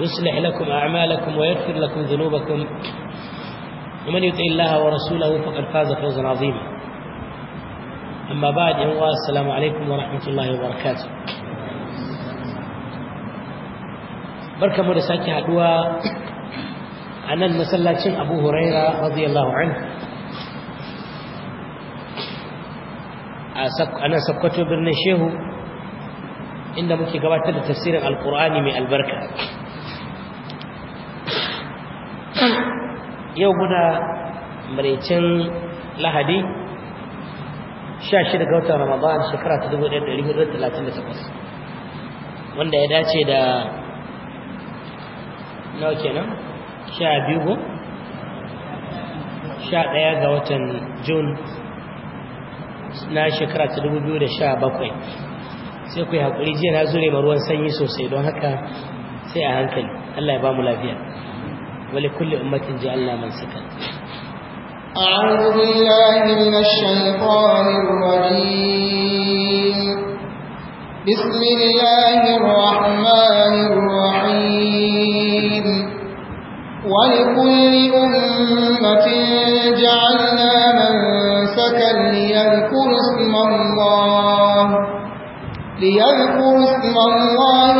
يصلح لكم أعمالكم ويغفر لكم ذنوبكم ومن يطع الله ورسوله فقد فاز فوزا عظيما أما بعد السلام عليكم ورحمة الله وبركاته بركة مرساك حدوى عن المسلاتين أبو هريرة رضي الله عنه أنا سبقته برنشيه inda muke gabatar da tafsirin alkur'ani mai albarka yau guda maraicin lahadi 16 ga watan ramadan shekara ta 1438 wanda ya dace da nawa kenan 12 go 11 ga watan june na shekara ta 2017 sai ku yi haƙuri jiya na zure ma ruwan sanyi sosai don haka sai a hankali allah ya ba mu lafiya ولكل أمة جعلنا من سكن أعوذ بالله من الشيطان الرجيم بسم الله الرحمن الرحيم ولكل أمة جعلنا من سكن ليذكر اسم الله ليذكر اسم الله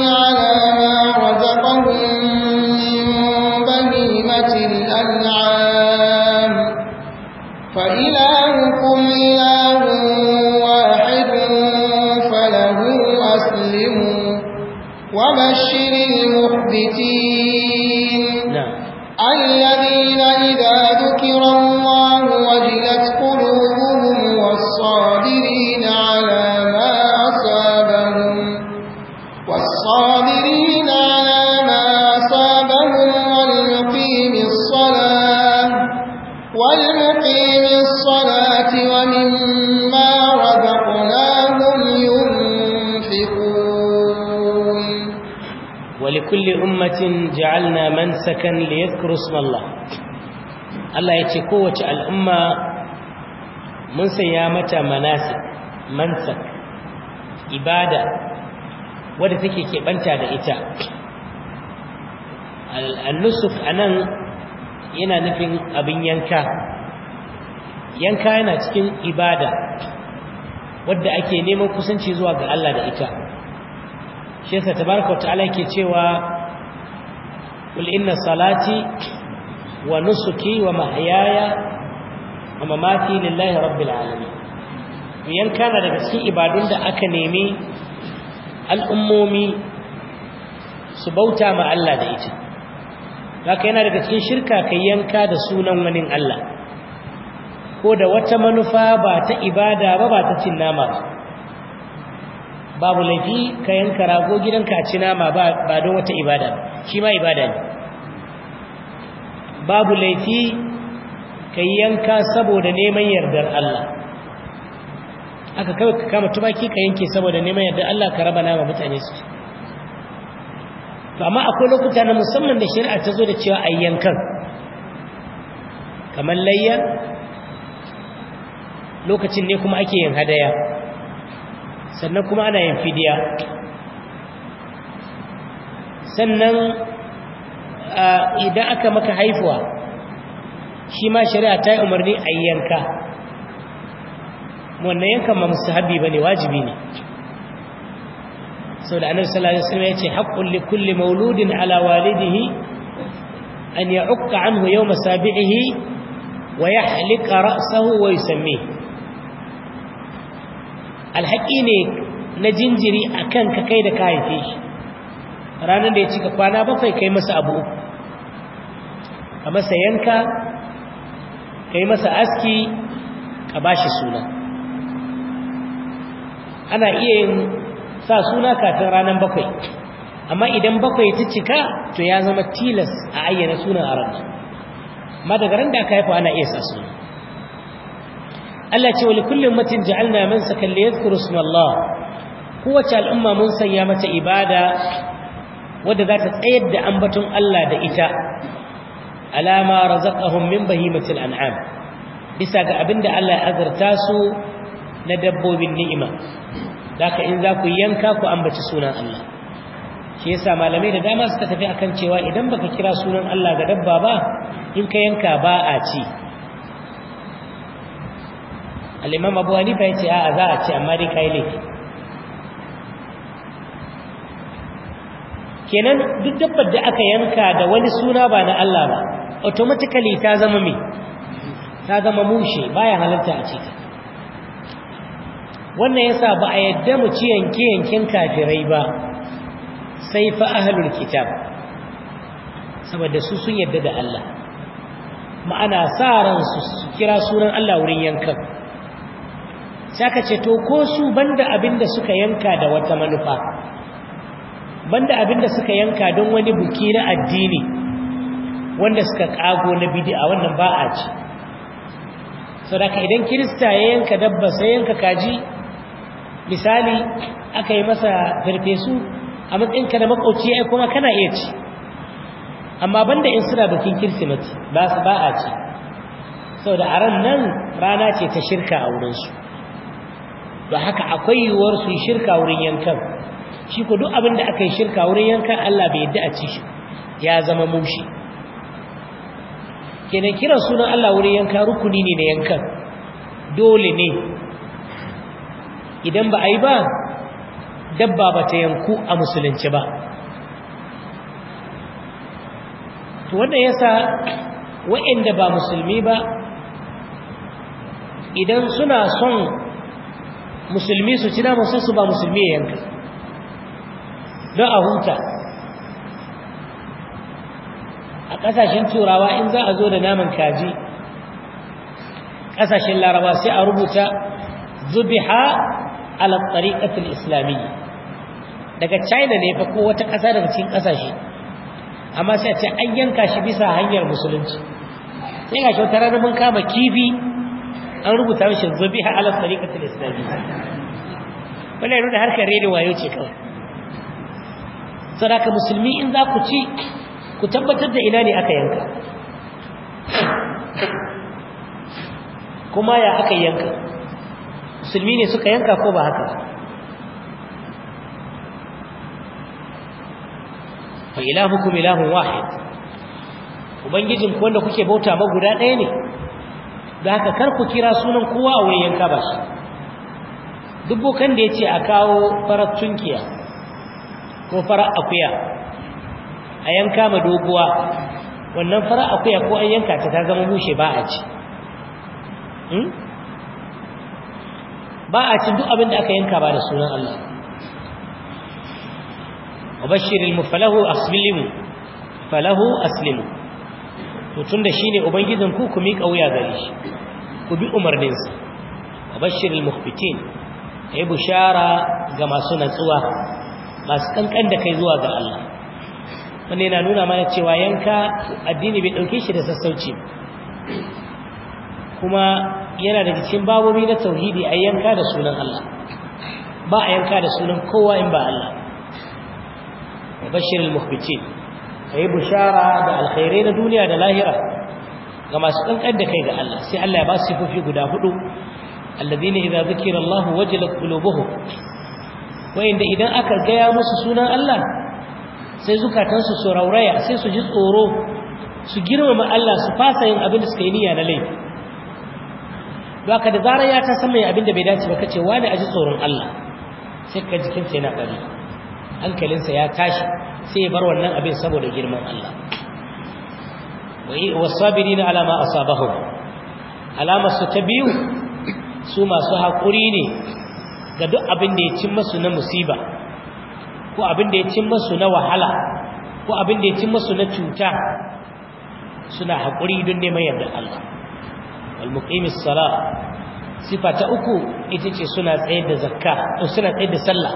ummatin ja'alna mansakan liyadhkuru ismallah Allah yace kowace al'umma mun sanya mata manasik mansak ibada wadda take banta da ita al-nusuk anan yana nufin abin yanka yanka yana cikin ibada wadda ake neman kusanci zuwa ga Allah da ita shi yasa ta'ala yake cewa قل إن صلاتي ونسكي ومحياي ومماتي لله رب العالمين biyan kana daga cikin ibadun da aka nemi al'ummomi su bauta ma Allah da ita haka yana daga cikin shirka kai yanka da sunan wani Allah ko da wata manufa ba ta ibada ba ba ta cin nama ba babu laifi ka yanka rago gidan a ci nama ba don wata ibada shi ma ibada ne babu laifi ka yanka saboda neman yardar Allah aka kawai ka kama tumaki ka yanke saboda neman yardar Allah ka raba nama mutane su amma akwai lokuta na musamman da shari'a ta zo da cewa a yankan kamar layya lokacin ne kuma ake yin hadaya sannan kuma ana yin fidiya sannan idan aka maka haifuwa shi ma shari'a ta yi umarni a yanka wannan yankan ma musu habi ba ne wajibi ne sau da annabi sallallahu alaihi wasallam ya ce haƙƙun li kulli mauludin ala walidihi an ya'uqqa anhu yawma sabi'ihi wa yahlika ra'sahu wa yusammihi alhaƙi ne na jinjiri a kan ka kai da kayafe shi ranar da ya cika kwana bakwai kai masa abu a masa yanka kai masa aski ka ba shi suna ana iya yin sa suna kafin ranar bakwai amma idan bakwai ta cika to ya zama tilas a ayyana sunan a ranar daga da aka haifu ana iya sa suna Allah ce wani kullum matin ja'alna man sakan li yadhkuru kowace al'umma mun sanya mata ibada wadda za ta tsayar da ambatun Allah da ita alama razaqahum min bahimatil an'am bisa ga abinda Allah ya azarta su na dabbobin ni'ima daka in za ku yanka ku ambaci sunan Allah shi yasa malamai da dama suka tafi akan cewa idan baka kira sunan Allah ga dabba ba in ka yanka ba a ci al'imam abu hanifa ya ce a za a ce amma dai kayi laifi kenan duk dabbar da aka yanka da wani suna ba na Allah ba automatically ta zama mai ta zama mushe baya halarta a ciki wannan yasa ba a yadda mu ci yanke yankin kafirai ba sai fa ahlul kitab saboda su sun yadda da Allah ma'ana sa ran su kira sunan Allah wurin yankan saka ce to ko su banda abinda suka yanka da wata manufa banda abinda suka yanka don wani buki na addini wanda suka kago na bid'a wannan ba a ci saboda idan kirista ya yanka dabba sai yanka kaji misali aka yi masa farfesu a matsayinka da makauci ai kuma kana iya ci amma banda in suna bikin kirsimeti ba a ci saboda a ran nan rana ce ta shirka a wurinsu Ba haka akwai yiwuwar su shirka wurin yankan shi ku duk abin da aka yi shirka wurin yankan Allah bai yadda a ci shi ya zama mushi kenan kiran sunan Allah wurin yanka rukuni ne na yankan dole ne idan ba a yi ba dabba ba ta yanku a musulunci ba to wannan yasa wa'anda ba musulmi ba idan suna son musulmi su ci naman sassu ba musulmi ya yanka don a huta a ƙasashen turawa in za a zo da naman kaji ƙasashen laraba sai a rubuta zubiha ala tsariƙatul islami, daga china ne fa ko wata ƙasa daga cikin ƙasashe amma sai a ce an yanka shi bisa hanyar musulunci sai ga kyautar mun kama kifi an rubuta mishi zabiha ala islami islamiyya wallahi ruda harkar rede wayo ce kawai sadaka musulmi in za ku ci ku tabbatar da ina ne aka yanka kuma ya aka yanka musulmi ne suka yanka ko ba haka fa ilahukum ilahun wahid ubangijin ku wanda kuke bauta ba guda ɗaya ne da haka kar ku kira sunan kowa a wurin yanka ba shi duk bokan da ya ce a kawo farar tunkiya ko farar akuya a yanka ma doguwa wannan farar akuya ko an yanka ta ta zama bushe ba a ci hmm? ba a ci duk abin da aka yanka ba da sunan Allah wa bashirin mu falahu aslimu falahu aslimu to shi ne ubangijin ku ku miƙa wuya gare shi ku bi umarnin bashirin abashirul a yi bushara ga masu natsuwa masu kankan da kai zuwa ga Allah wanda yana nuna mana cewa yanka addini bai dauke shi da sassauci kuma yana da cikin babobi na tauhidi a yanka da sunan Allah ba a yanka da sunan kowa in ba Allah bashirin mukhbitin kai bushara da alkhairai na duniya da lahira ga masu kankan da kai ga Allah sai Allah ya ba su sifofi guda hudu alladhina idza zukira Allah wajilat qulubuhum wayanda idan aka gaya musu sunan Allah sai zukatansu su rauraya sai su ji tsoro su girmama Allah su fasa yin abin da suka yi niyya na laifi aka da zarar ya ta san mai abin da bai dace ba kace wani aji tsoron Allah sai ka jikin sa yana bari hankalinsa ya tashi sai ya bar wannan abin saboda girman Allah wasabirina alama asabahum alama su ta biyu su masu haƙuri ne ga duk abin da ya cin masu na musiba ko abin da ya cin masu na wahala ko abin da ya cin masu na cuta suna haƙuri don neman yardar Allah Walmukimis muqimis sala sifa ta uku ita ce suna tsayar da zakka suna tsayar da sallah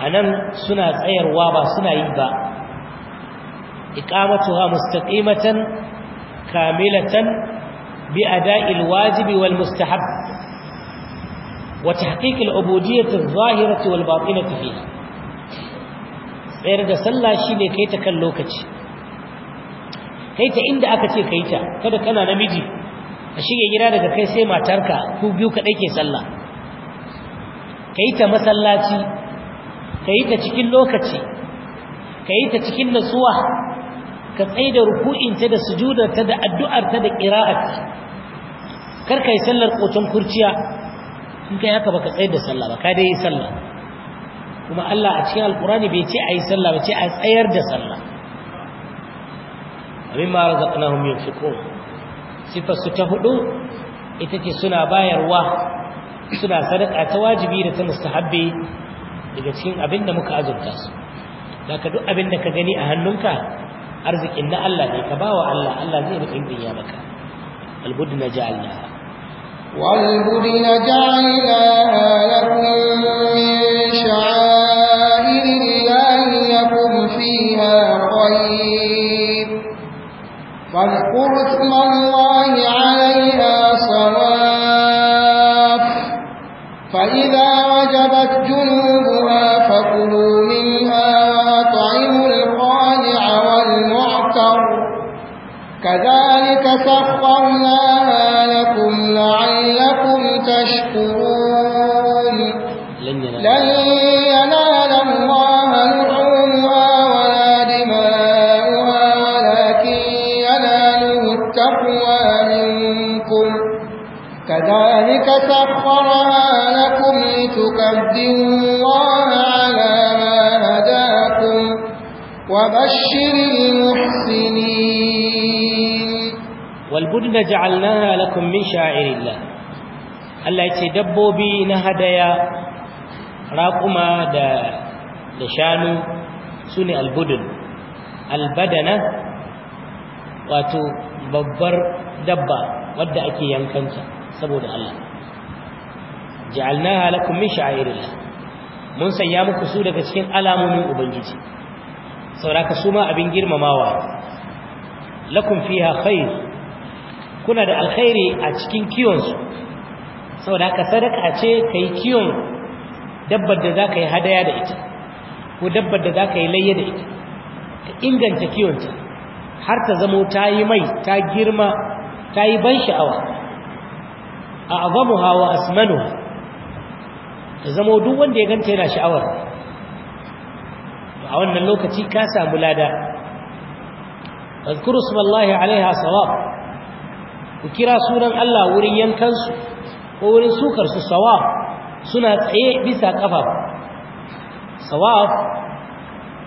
A nan suna tsayarwa ba suna yi ba iqamatuha mustaqimatan kamilatan bi ada'il wajibi wal mustahab wa tahqiq al ubudiyyah al zahirah wal batinah tsayar da sallah shine kai ta kan lokaci kai ta inda aka ce kai ta kada kana namiji a shige gida daga kai sai matarka ku biyu kadai ke sallah kai ta masallaci ka yi ta cikin lokaci ka yi ta cikin nasuwa ka tsaye da ruku'inta da sujudarta da addu'arta da ƙira'arta kar ka yi sallar ƙoton kurciya in ka yi haka ba ka tsaye da sallah ba ka dai yi sallah kuma Allah a cikin alkurani bai ce a yi sallah ba ce a tsayar da sallah abin ma razaqnahum yunfiqun sifar su ta hudu ita ce suna bayarwa suna sadaka ta wajibi da ta mustahabbi daga cikin abin da muka azurta su da ka duk abin da ka gani a hannunka arzikin na Allah ne ka bawa Allah Allah zai rufin biya maka albudna ja'alnaha والبدن جعلناها لكم من شعائر الله لكم فيها خير فاذكروا اسم الله سخرناها لكم لعلكم تشكرون لن ينال الله لحومها ولا دماؤها ولكن يناله التقوى منكم كذلك سخرها لكم لتكبروا الله على ما هداكم وبشر المحسنين walbudda ja'alnaha lakum min sha'irillah Allah ya ce dabbobi na hadaya raƙuma da da shanu sune albudun albadana wato babbar dabba wadda ake yankanta saboda Allah ja'alnaha lakum min sha'irillah mun sanya muku su daga cikin alamomin ubangiji sauraka su ma abin girmamawa lakum kuna da alkhairi a cikin kiyonsu saboda haka sadaka ce ka yi kiyon dabbar da za ka yi hadaya da ita ko dabbar da za ka yi layya da ita ka inganta kiyonta har ta zamo ta yi mai ta girma ta yi ban sha'awa a azamu hawa asmanu ta zamo duk wanda ya ganta yana sha'awar a wannan lokaci ka samu lada اذكروا اسم الله عليها صواب ku kira sunan Allah wurin yankansu ko wurin sukarsu sawa suna tsaye bisa kafa sawa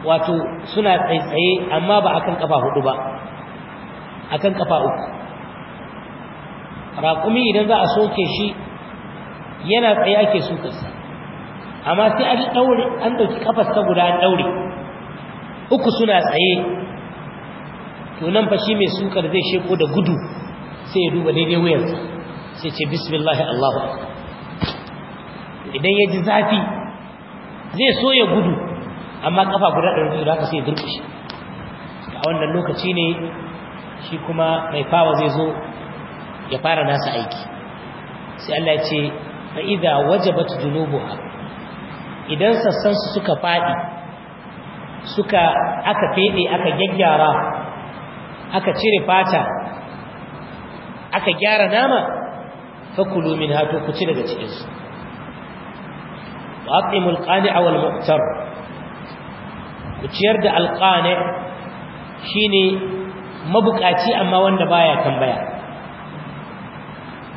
wato suna tsaye amma ba akan kafa hudu ba akan kafa uku raƙumi idan za a soke shi yana tsaye ake sukarsa amma sai an daure an dauki guda an daure uku suna tsaye to nan fa shi mai sukar zai sheko da gudu sai ya duba daidai wuyarsa sai ce bismillah Allahu idan ya ji zafi zai so ya gudu amma kafa guda da ɗari da haka sai ya durkushe a wannan lokaci ne shi kuma mai fawa zai zo ya fara nasa aiki sai Allah ya ce fa idza wajabat junubuha idan sassan su suka fadi suka aka fede aka gyaggyara, aka cire fata aka gyara nama fakulu min hato ku ci daga cikinsu wa aqimul qani'a wal mu'tar ku ciyar da alqani shine mabukaci amma wanda baya tambaya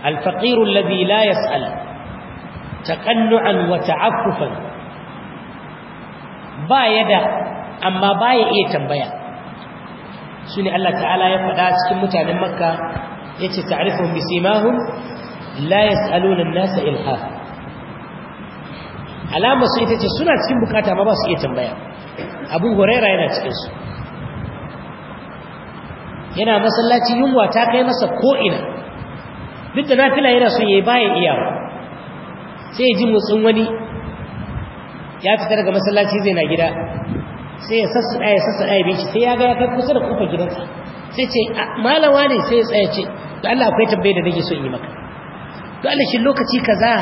al faqir alladhi la yas'al taqannu'an wa ta'affufan baya da amma baya iya tambaya shine Allah ta'ala ya faɗa cikin mutanen makka yace ta'rifuhum bi simahum la yas'aluna an-nasa ilha alama su ita ce suna cikin bukata ma ba su iya tambaya abu huraira yana cikin su yana masallaci yunwa ta kai masa ko'ina duk da nafila yana son yayi baya iyawa sai ya ji motsin wani ya fita daga masallaci zai na gida sai ya sassa ya sassa ya bi shi sai ya ga ya kai kusa da kofar gidansa sai ce malawa ne sai ya tsaya ce to Allah akwai tambaye da nake so in yi maka to Allah shi lokaci kaza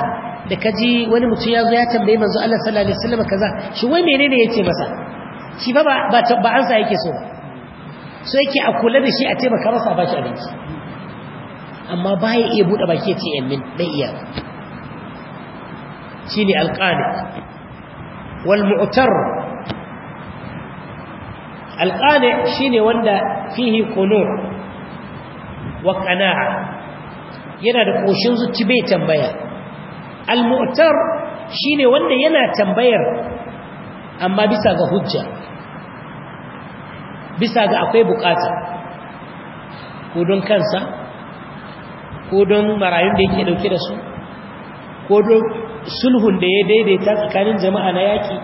da kaji wani mutum ya zo ya tambaye manzo Allah sallallahu alaihi wasallam kaza shi wai menene yace masa shi ba ba ba an sa yake so ba so yake a kula da shi a taimaka masa a bashi abinci amma baya iya bude baki ya ce amin bai iya shine alqani wal mu'tar alqani shine wanda fihi qunur wa kana'a yana da koshin zuci bai tambaya al-mu'tar shine wanda yana tambayar amma bisa ga hujja bisa ga akwai bukata ko don kansa ko don marayun da yake dauke da su ko don sulhun da ya daidaita tsakanin jama'a na yaki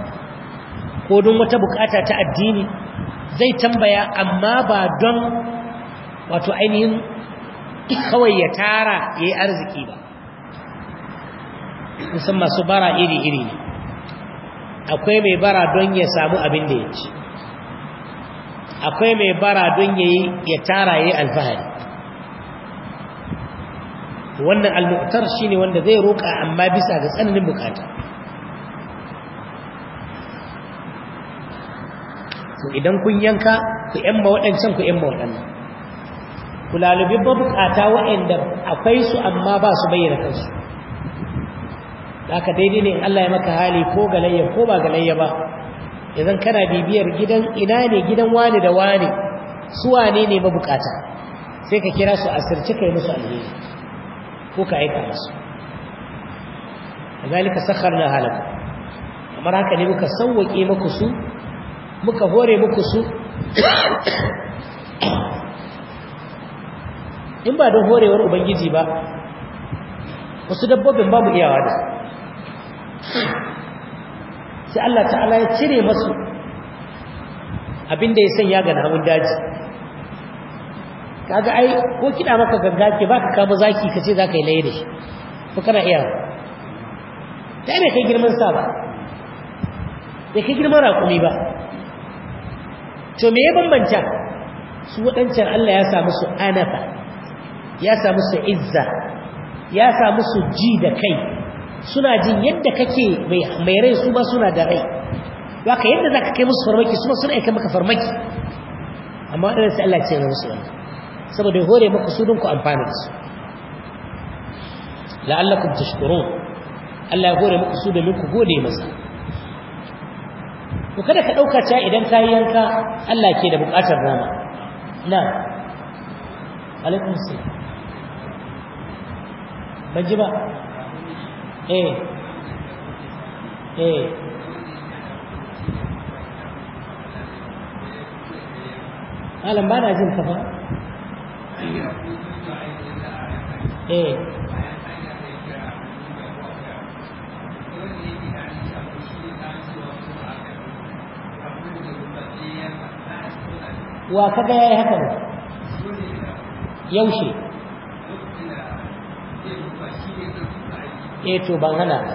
ko don wata bukata ta addini zai tambaya amma ba don wato ainihin kawai ya tara ya yi arziki ba musamman su bara iri-iri ne akwai mai bara don ya samu abin da ya ci akwai mai bara don ya yi ya tara ya yi alfahari wannan almu'tar shi ne wanda zai roƙa amma bisa ga tsananin bukata idan kun yanka ku yamma waɗancan ku yamma waɗannan Kulalubin lalubi mabukata waɗanda akwai su amma ba su bayyana kansu haka daidai ne Allah ya maka hali ko galayya ko ba galayya ba idan kana bibiyar gidan ina ne gidan wani da wani su wane ne mabukata sai ka kira su asirce kai musu alheri ko ka aika musu zalika na halakum kamar haka ne muka sauwake muku su muka hore muku su in ba don horewar ubangiji ba wasu dabbobin babu iyawa da sai Allah ta'ala ya cire masu abinda ya sanya ga namun daji kaga ai ko kida maka ganga ke baka kama zaki kace zaka yi laye da shi ko kana iya ta ne kai girman sa ba da kai girman rakumi ba to me ya bambanta su wadancan Allah ya samu su anafa ya samu su izza ya samu su ji da kai suna jin yadda kake mai rai su ba suna da rai waka yadda za ka kai musu farmaki su ba suna aika maka farmaki amma waɗanda sai Allah ce ya musu wani saboda ya hore maka su dunku amfani da su la'allakum tashkurun Allah ya hore maka su domin ku gode masa Ko kada ka ɗauka cewa idan ka yi yanka Allah ke da buƙatar rama na alaikum salam ban ji ba eh eh malam ba na jin kafa eh wa kaga yayi haka yaushe eh to ban hana ba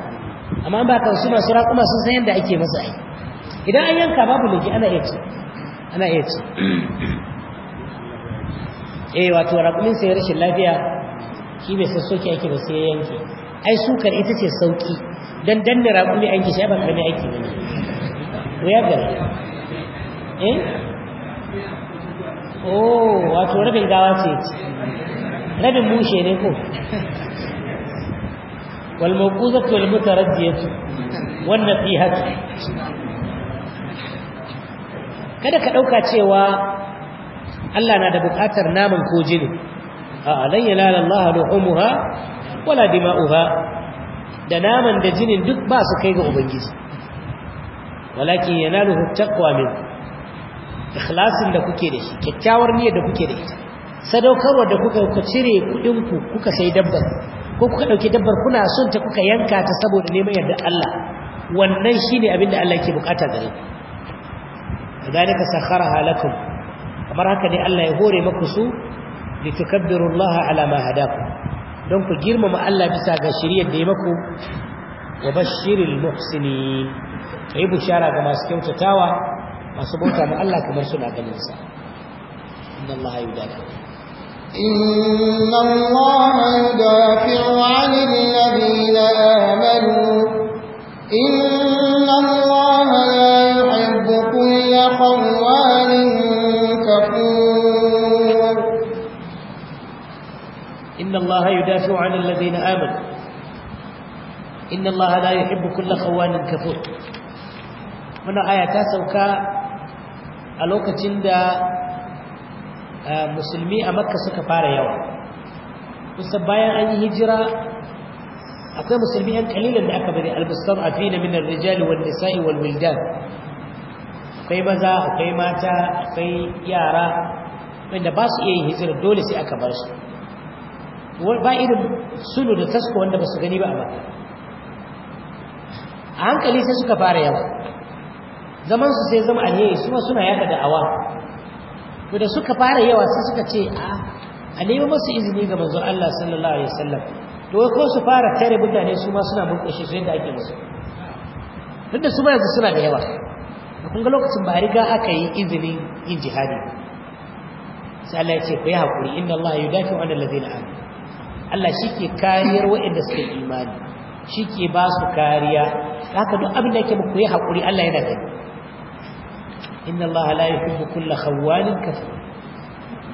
amma ba kan su masu raƙuma sun san yadda ake masa ai idan an yanka babu liki ana iya ci ana iya ci eh wato raƙumin sai rashin lafiya shi bai san soke ake ba sai yanke ai sukar ita ce sauki dan danne raƙumi an sai ba kame aiki ne to ya gari eh oh wato rabin gawa ce rabin mushe ne ko wal mawquzatu wal mutaraddiyatu wan nasihatu kada ka dauka cewa Allah na da bukatar naman ko jini a lan yalala Allah luhumha wala dima'uha da naman da jinin duk ba su kai ga ubangiji walakin yanaluhu taqwa min ikhlasin da kuke da shi kyakkyawar niyyar da kuke da ita sadaukarwa da kuka kuka cire kudin ku kuka sai dabbar ko kuka ɗauki dabbar kuna son ta kuka yanka ta saboda neman yadda Allah wannan shine abin da Allah yake bukata gare ku kadalika sakharaha lakum kamar haka ne Allah ya hore maku su litukabbirullaha ala ma hadakum don ku girmama Allah bisa ga shiriyar da ya maku wa bashiril muhsinin kai bushara ga masu kyautatawa masu bauta ma Allah kamar suna ganin sa inna Allah yudafi inna Allah yudafi الله يدافع عن الذين آمنوا إن الله لا يحب كل خوان كفور من آية تاسوكا a lokacin da musulmi a makka suka fara yawa kusa bayan an yi hijira akwai musulmi yan kalilan da aka bari albustan a fina minar rijali wal nisa'i akwai maza akwai mata akwai yara wanda ba su iya yin hijira dole sai aka bar su ba irin sulu da tasko wanda ba su gani ba a mata a hankali sai suka fara yawa zaman su sai zama alheri su suna yaka da awa to da suka fara yawa sai suka ce a a nemi masu izini ga manzon Allah sallallahu alaihi wasallam to ko su fara tare mutane su ma suna murƙushe su yadda ake musu duk da su ma yanzu suna da yawa kun ga lokacin ba riga aka yi izinin yin jihadi sai Allah ya ce ku yi haƙuri inna Allah yudafi'u 'anil ladina amanu Allah shi ke kariyar waɗanda suka imani shi ke ba su kariya haka duk abin da yake muku yi haƙuri Allah yana gani inna Allah la yuhibbu kulla khawwanin kafir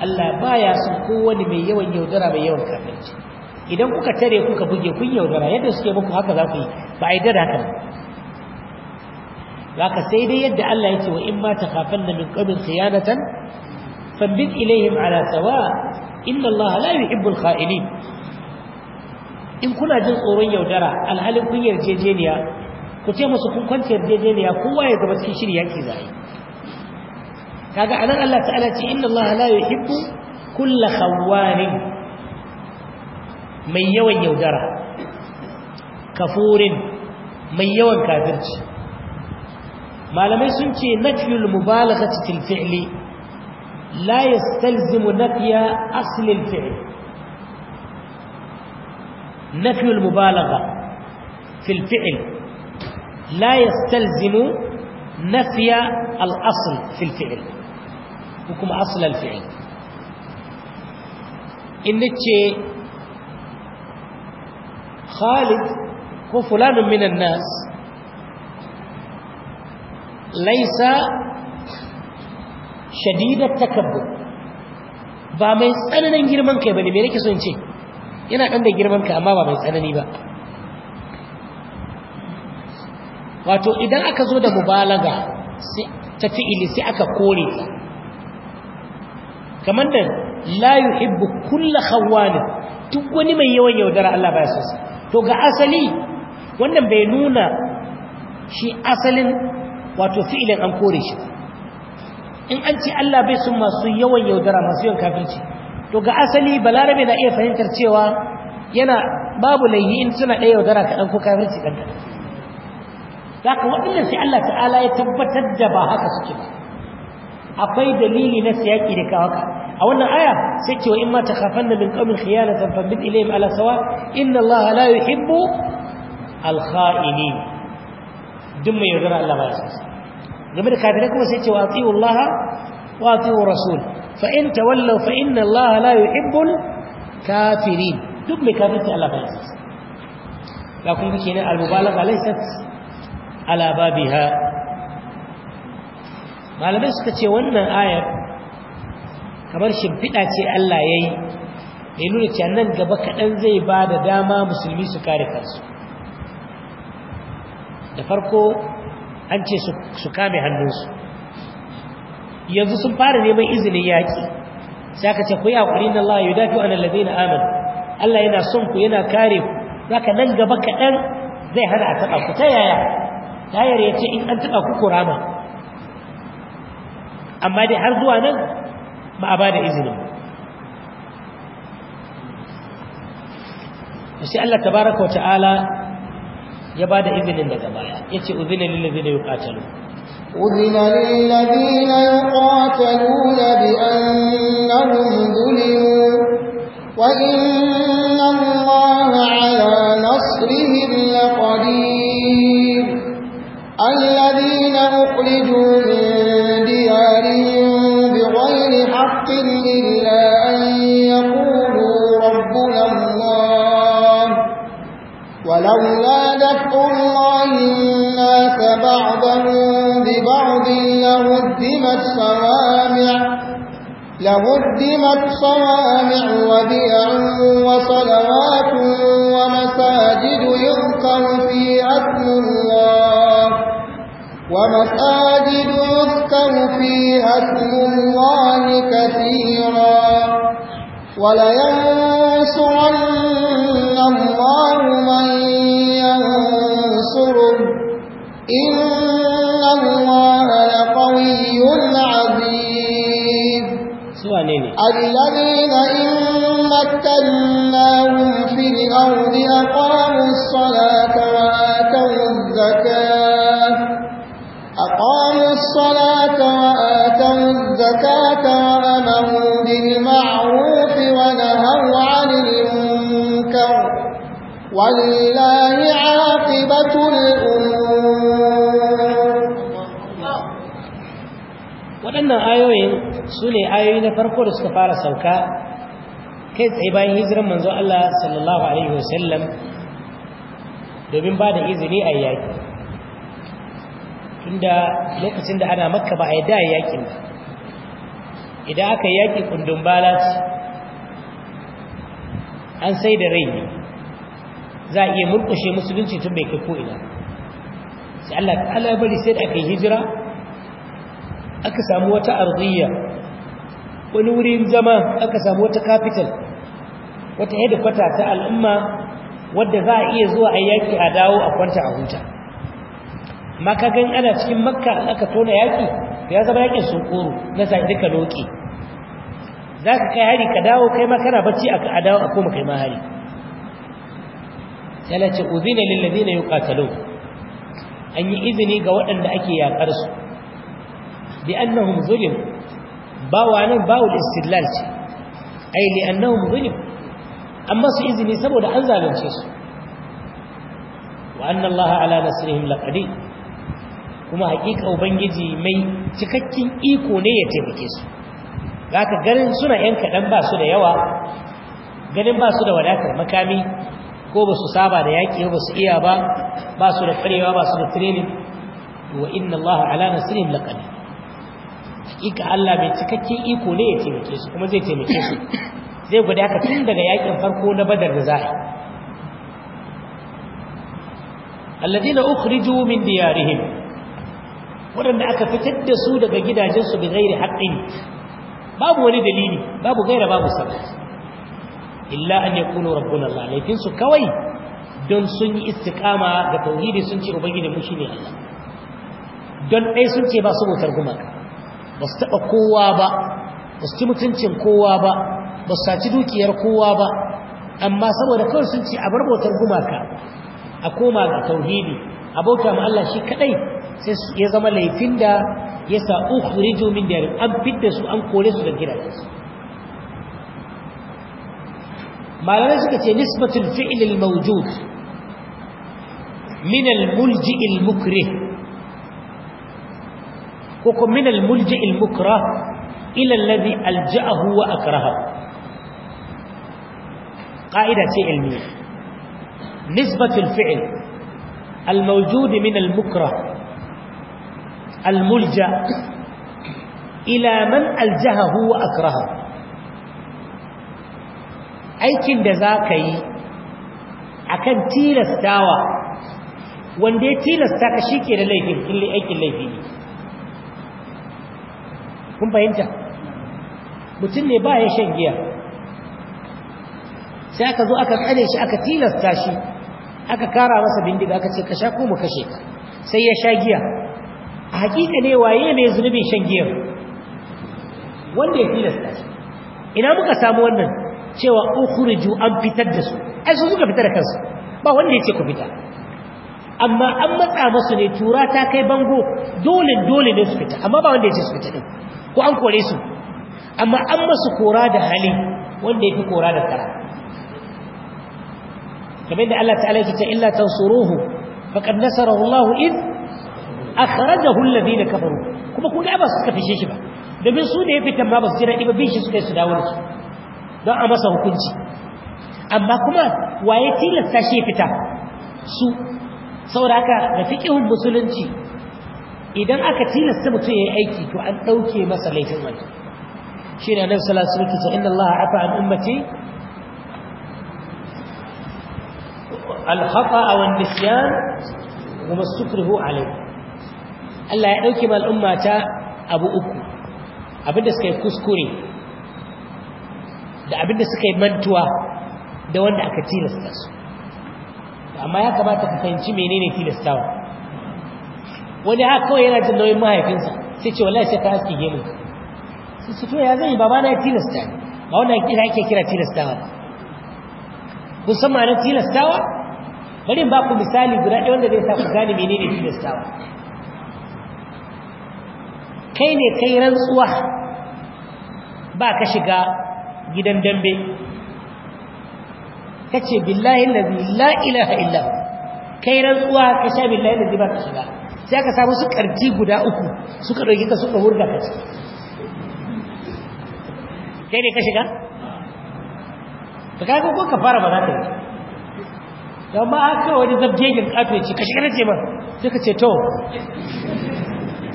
Allah baya son kowani mai yawan yaudara mai yawan kafirci idan kuka tare kuka buge kun yaudara yadda suke muku haka za ku yi ba a yi dada kan zaka sai dai yadda Allah yake wa in ma takhafanna min qawmin khiyanatan fabid ilaihim ala sawa inna Allah la yuhibbul kha'inin in kuna jin tsoron yaudara alhalin kun yarjejeniya ku ce musu kun kwanta yarjejeniya kowa ya gaba cikin shirya ke zai kaga anan Allah ta'ala ce inna Allah la yuhibbu kulla khawanin mai yawan yaudara kafurin mai yawan kafirci malamai sun ce nafyul mubalaghati fil fi'li la yastalzimu nafya asli al fi'l نفي المبالغة في الفعل لا يستلزم نفي الأصل في الفعل حكم أصل الفعل إنك خالد هو فلان من الناس ليس شديد التكبر ba mai tsananin girman kai bane me nake so in ce yana ɗan da girman ka amma ba mai tsanani ba wato idan aka zo da mubalaga ta fi'ili sai aka kore ta kamar da la yuhibbu kulla, khawanin duk wani mai yawan yaudara Allah baya son to ga asali wannan bai nuna shi asalin wato fi'ilin an kore shi in an ce Allah bai sun masu yawan yaudara masu yawan kafirci to ga asali balarabe na iya fahimtar cewa yana babu laihi in suna ɗaya yaudara kaɗan ko kafirci ɗan kaɗan za ka waɗannan sai Allah ta'ala ya tabbatar da ba haka suke ba akwai dalili na siyaƙi da kawaka a wannan aya sai cewa in ma ta kafan da min ƙaumin khiyanatan fa bin ilayhim ala sawa inna Allah la yuhibbu al-kha'ini duk mai yaudara Allah ba ya sa game da kafirai kuma sai cewa atiyu Allah واطيعوا الرسول فإن تولوا فإن الله لا يحب الكافرين duk mai kafirci Allah ba yasa ga kun kike ne al malamai suka ce wannan ayar kamar shimfiɗa ce Allah yayi da nuna cewa nan gaba kaɗan zai ba da dama musulmi su kare kansu da farko an ce su kame hannunsu yanzu sun fara neman izinin yaƙi sai aka ce ku yi haƙuri na Allah ya dafi wannan annabi na amin Allah yana son ku yana kare ku zaka nan gaba kaɗan zai hana a taɓa ku ta yaya tayar ya ce in an taɓa ku kurama amma dai har zuwa nan ba a ba da izinin sai Allah tabaraka wa ta'ala ya ba da izinin daga baya ya ce uzinin lillazina yuqatalu أذن للذين يقاتلون بأنهم ظلموا وإن الله على نصرهم لقدير الذي لهدمت صوامع وبيع وصلوات ومساجد يذكر فيها اسم الله ومساجد يذكر فيها اسم الله كثيرا ولينصرن الله من ينصره إن الله ne alladhina in fil ardi aqamu salata wa atu zakata aqamu salata wa atu zakata wa amaru bil ma'ruf wa nahaw 'anil munkar walillahi 'aqibatul umur waɗannan ayoyin su ne ayoyi na farko da suka fara sauka kai tsaye bayan hijiran manzo Allah sallallahu alaihi wasallam domin ba da izini a yaƙi tunda lokacin da ana makka ba a yi da yaƙin idan aka yaƙi kundin balat an sai da rai za a iya murkushe musulunci tun bai kai ko'ina sai Allah ta bari sai da aka yi hijira aka samu wata arziyya wani wurin zama aka samu wata capital wata hidda-kwata ta al'umma wadda za a iya zuwa a yaki a dawo a kwanta a huta makagan ana cikin makka aka tona yaki ya zama yakin sunkuru na sa duka loke za ka kai hari ka dawo kai ma kana bacci a dawo a koma kai ma hari sai uzina lillazina yuqatalu an yi izini ga waɗanda ake yakar su bi annahum zulm bawa nan bawul istidlal ce ai li annahum zulim amma su izini saboda an zalunce su wa anna allaha ala nasrihim laqadir kuma hakika ubangiji mai cikakken iko ne ya taimake su zaka ganin suna yan kaɗan ba su da yawa ganin ba su da wadatar makami ko ba su saba da yaki ba su iya ba ba su da ba su da wa inna ika Allah mai cikakken iko ne ya taimake su kuma zai taimake su zai guda ka tun daga yakin farko na badar da zai alladina ukhriju min diyarihim wadanda aka fitar da su daga gidajensu bi ghairi haqqin babu wani dalili babu gaira babu sabab illa an yakunu rabbuna Allah laifin su kawai don sun yi istiqama ga tauhidi sun ce ubangiji mu shine Allah don dai sun ce ba su motar gumaka ba su taɓa kowa ba ba su ci mutuncin kowa ba ba su saci dukiyar kowa ba amma saboda kawai sun ce a bar bautar gumaka a koma ga tauhidi a bauta ma Allah shi kadai sai ya zama laifin da ya sa ukhriju min diyar an fidda su an kore su da gida malamai suka ce nisbatul fi'l al mawjud min al mulji al mukrih ko min al-mulji al-mukrah ila alladhi alja'ahu wa akraha qa'ida ce ilmiya nisbatu al-fi'l al-mawjud min al-mukrah al-mulja ila man aljahahu wa akraha aikin da zaka yi akan tilastawa wanda ya tilasta ka shike da laifin kulli aikin laifi ne kun fahimta mutum ne ba ya shan giya sai aka zo aka tsare shi aka tilasta shi aka kara masa bindiga aka ce ka sha ko mu kashe ka sai ya sha giya a hakika ne waye mai zunubin shan giyar wanda ya tilasta shi ina muka samu wannan cewa ukhriju an fitar da su ai su suka fitar da kansu ba wanda ya ce ku fita amma an matsa masu ne tura ta kai bango dole dole ne su fita amma ba wanda ya ce su fita din ko an kore su amma an masu kora da hali wanda ya fi kora da kara kamar da Allah ta'ala yake ce illa tansuruhu faqad nasarahu Allah id akhrajahu alladhina kafaru kuma ku da ba su fishe shi ba domin su da ya fitan ma ba su jira ba bin shi suka yi su dawo da su don a masa hukunci amma kuma waye tilasta shi fita su saboda haka da fiqihun musulunci idan aka tilasta mutum ya yi aiki to an ɗauke masa laifin wani shi ne annabi sallallahu alaihi wasallam inna allaha afa an ummati al khata'a wan nisyan wa masukruhu alayhi Allah ya ɗauke ma al'umma ta abu uku abinda suka yi kuskure da abinda suka yi mantuwa da wanda aka tilasta su amma ya kamata ka fahimci menene tilastawa wani haka kawai yana jin nauyin mahaifinsa sai ce wallahi sai ka haske gemu sai ce ya zai ba na ya tilasta ne ba wannan kira ake kira tilastawa ba kun san ma'anar tilastawa bari ba ku misali guda ɗaya wanda zai sa ku gane menene tilastawa kai ne kai rantsuwa ba ka shiga gidan dambe ka ce billahi la ilaha illa kai rantsuwa ka sha billahi la ba ka shiga sai aka samu su karti guda uku suka ɗauki ka suka wurga ka ciki kai ne ka shiga ta kai ko ka fara ba za ka yi don ma haka wani zabgegen ƙato ce ka shiga na ce ba sai ka ce to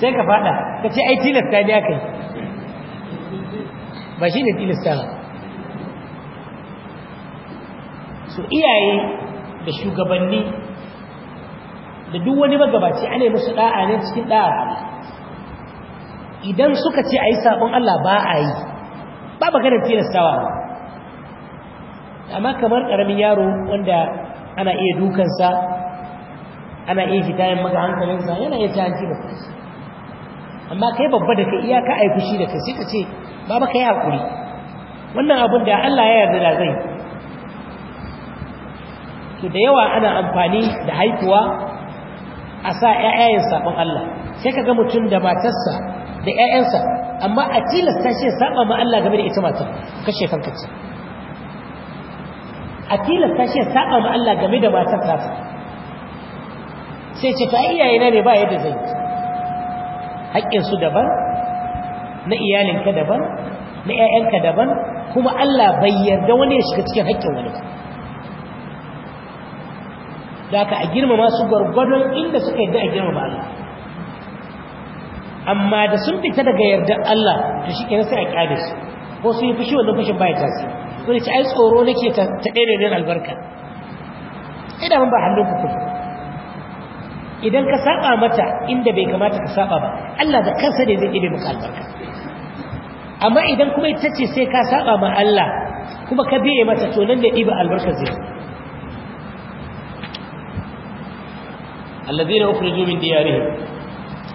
sai ka fada ka ce ai tilasta ne aka yi ba shi ne tilasta ba su iyaye da shugabanni da duk wani magabaci ne musu ɗa'a ne cikin ɗa'a. Allah idan suka ce a yi sabon Allah ba a yi ba maganar tilastawa ba amma kamar ƙaramin yaro wanda ana iya dukansa ana iya fita yin maga hankalinsa yana iya ta hanci da kusa amma kai babba da iya, iyaka ai fushi da kai sai ka ce baba yi hakuri wannan abin da Allah ya yarda da zai to da yawa ana amfani da haihuwa a sa ƴaƴayen sabon Allah sai kaga mutum da matarsa da ƴaƴansa amma a tilasta shi saba ma Allah game da ita matar kashe kanka ce a tilasta shi saba ma Allah game da matar ta sai ce ta iyaye na ne ba yadda zai haƙƙin su daban na iyalinka daban na ƴaƴanka daban kuma Allah bai yarda wani ya shiga cikin haƙƙin wani ba da aka a girmama su gwargwadon inda suka yadda a girmama Allah amma da sun fita daga yarda Allah to shi kenan sai a kyade su ko sun yi fushi wannan fushin baya tasiri ko da ci ai tsoro nake ta ɗaya ne albarka idan ba hannun ku idan ka saba mata inda bai kamata ka saba ba Allah da kansa ne zai ɗebe maka albarka amma idan kuma ita ce sai ka saba ma Allah kuma ka biye mata to nan ne ɗiba albarka zai allazina ukhriju min diyarihim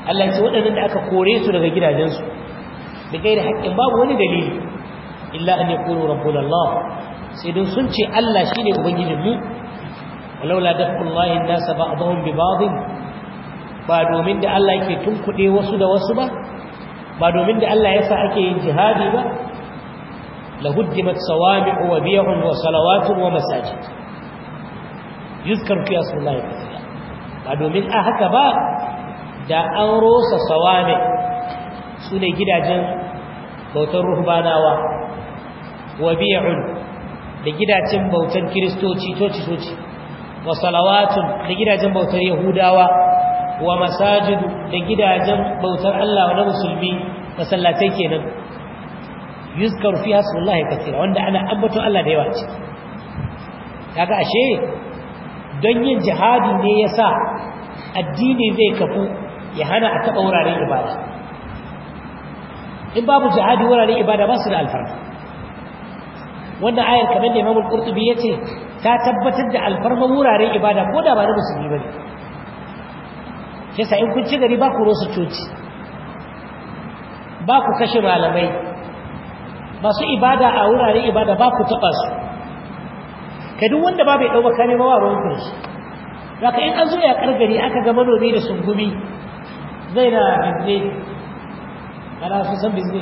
Allah ya ce waɗannan da aka kore su daga gidajensu da gaira haƙƙin babu wani dalili illa an yaqulu rabbuna Allah sai dun sun ce Allah shine ubangijin mu walaula dafullahi an-nas ba'dahum bi ba'd ba domin da Allah yake tunkuɗe wasu da wasu ba ba domin da Allah yasa ake yin jihadi ba lahuddimat sawami'u wa biya'un wa salawatun wa masajid yuzkar fi asma'illahi a domin a haka ba da an rosa sawame su ne gidajen bautar ruhbanawa wa biya'un da gidajen bautar kiristoci toci-toci wa salawatun da gidajen bautar yahudawa wa masajidu da gidajen bautar Allah na musulmi masallatai kenan yuzkar fi hasbullahi kathira wanda ana abbatun Allah da yawa ce kaga ashe don yin jihadi ne ya sa addini zai kafu ya hana a taɓa wuraren ibada in babu jihadi wuraren ibada ba su da alfarma wannan ayar kamar da imamul qurtubi ya ce ta tabbatar da alfarma wuraren ibada ko da ba na musulmi ba ne shi sa in kun ci gari ba ku rosu coci ba ku kashe malamai masu ibada a wuraren ibada ba ku taɓa su ka duk wanda ba bai dau baka ne ba ba ruwan kai shi zaka in an zo ya kargari aka ga manomi da sungumi zai na bizne kana su san bizne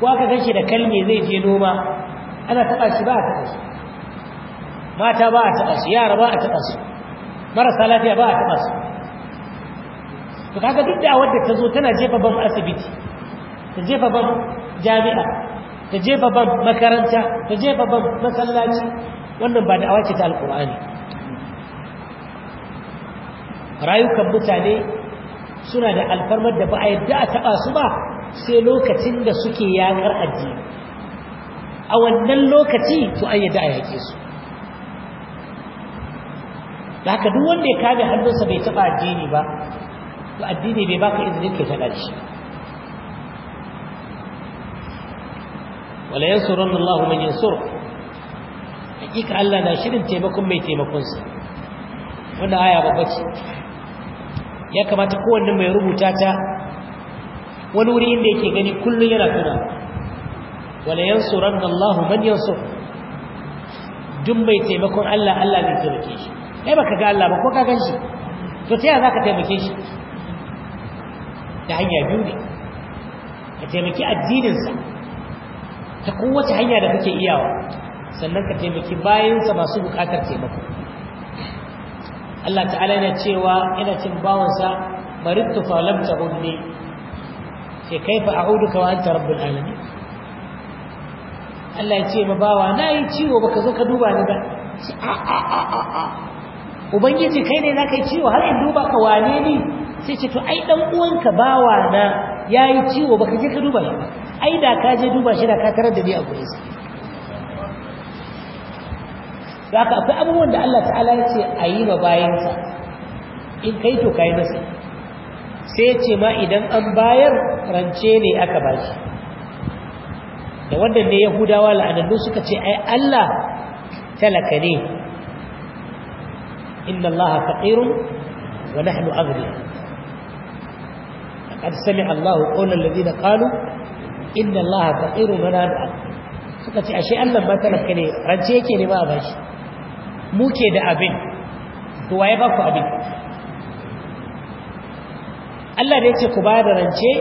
ko aka gashi da kalme zai je noma ana taba shi ba a taɓa shi mata ba a taɓa su yara ba a taɓa su marasa lafiya ba a taɓa su to kaga duk da wadda ta zo tana jefa ban asibiti ta jefa ban jami'a ta je babban makaranta ta je babban masallaci wannan ba da awaki ta alkur'ani rayukan mutane suna da alfarmar da ba a yadda a taɓa su ba sai lokacin da suke yakar addini a wannan lokaci to an yadda a yake su da haka duk wanda ya kame hannunsa bai taɓa addini ba to addini bai baka izinin ke taɓa shi wala yansurun Allah man yansur hakika Allah na shirin taimakon mai taimakon sa wannan aya babba ce ya kamata kowanne mai rubuta ta wani wuri inda yake gani kullum yana tuna wala yansurun Allah man yansur duk mai taimakon Allah Allah ne taimake shi kai baka ga Allah ba ko ka gan shi to ta yaya zaka taimake shi ta hanya biyu ne ka taimaki addininsa ta kowace hanya da kake iyawa sannan ka taimaki bayansa masu bukatar taimako Allah ta'ala yana cewa yana cin bawansa marittu fa lam ta'udni sai kaifa hudu kawai anta rabbul alami. Allah ya ce ma bawa na yi ciwo ba ka zo ka duba ni ba a a a a ubangiji kai ne na yi ciwo har in duba ka wane ni sai ce to ai dan uwanka bawa na Ya yi ciwo ka je ka duba shi ba ai da ka je duba shi da ka tarar da ni a gurin sa ka akwai abubuwan da Allah ta'ala ya ce a yi ma bayansa in kai to kai masa sai ce ma idan an bayar rance ne aka shi da wanda ne yahudawa la'anannu suka ce ai Allah talaka ne inna Allah faqirun wa nahnu aghniya قد سمع الله قول الذين قالوا إن الله فقير من suka ce ashe Allah ba talaka ne rance yake ne ba a bashi mu ke da abin to waye ba ku abin Allah da ce ku ba da rance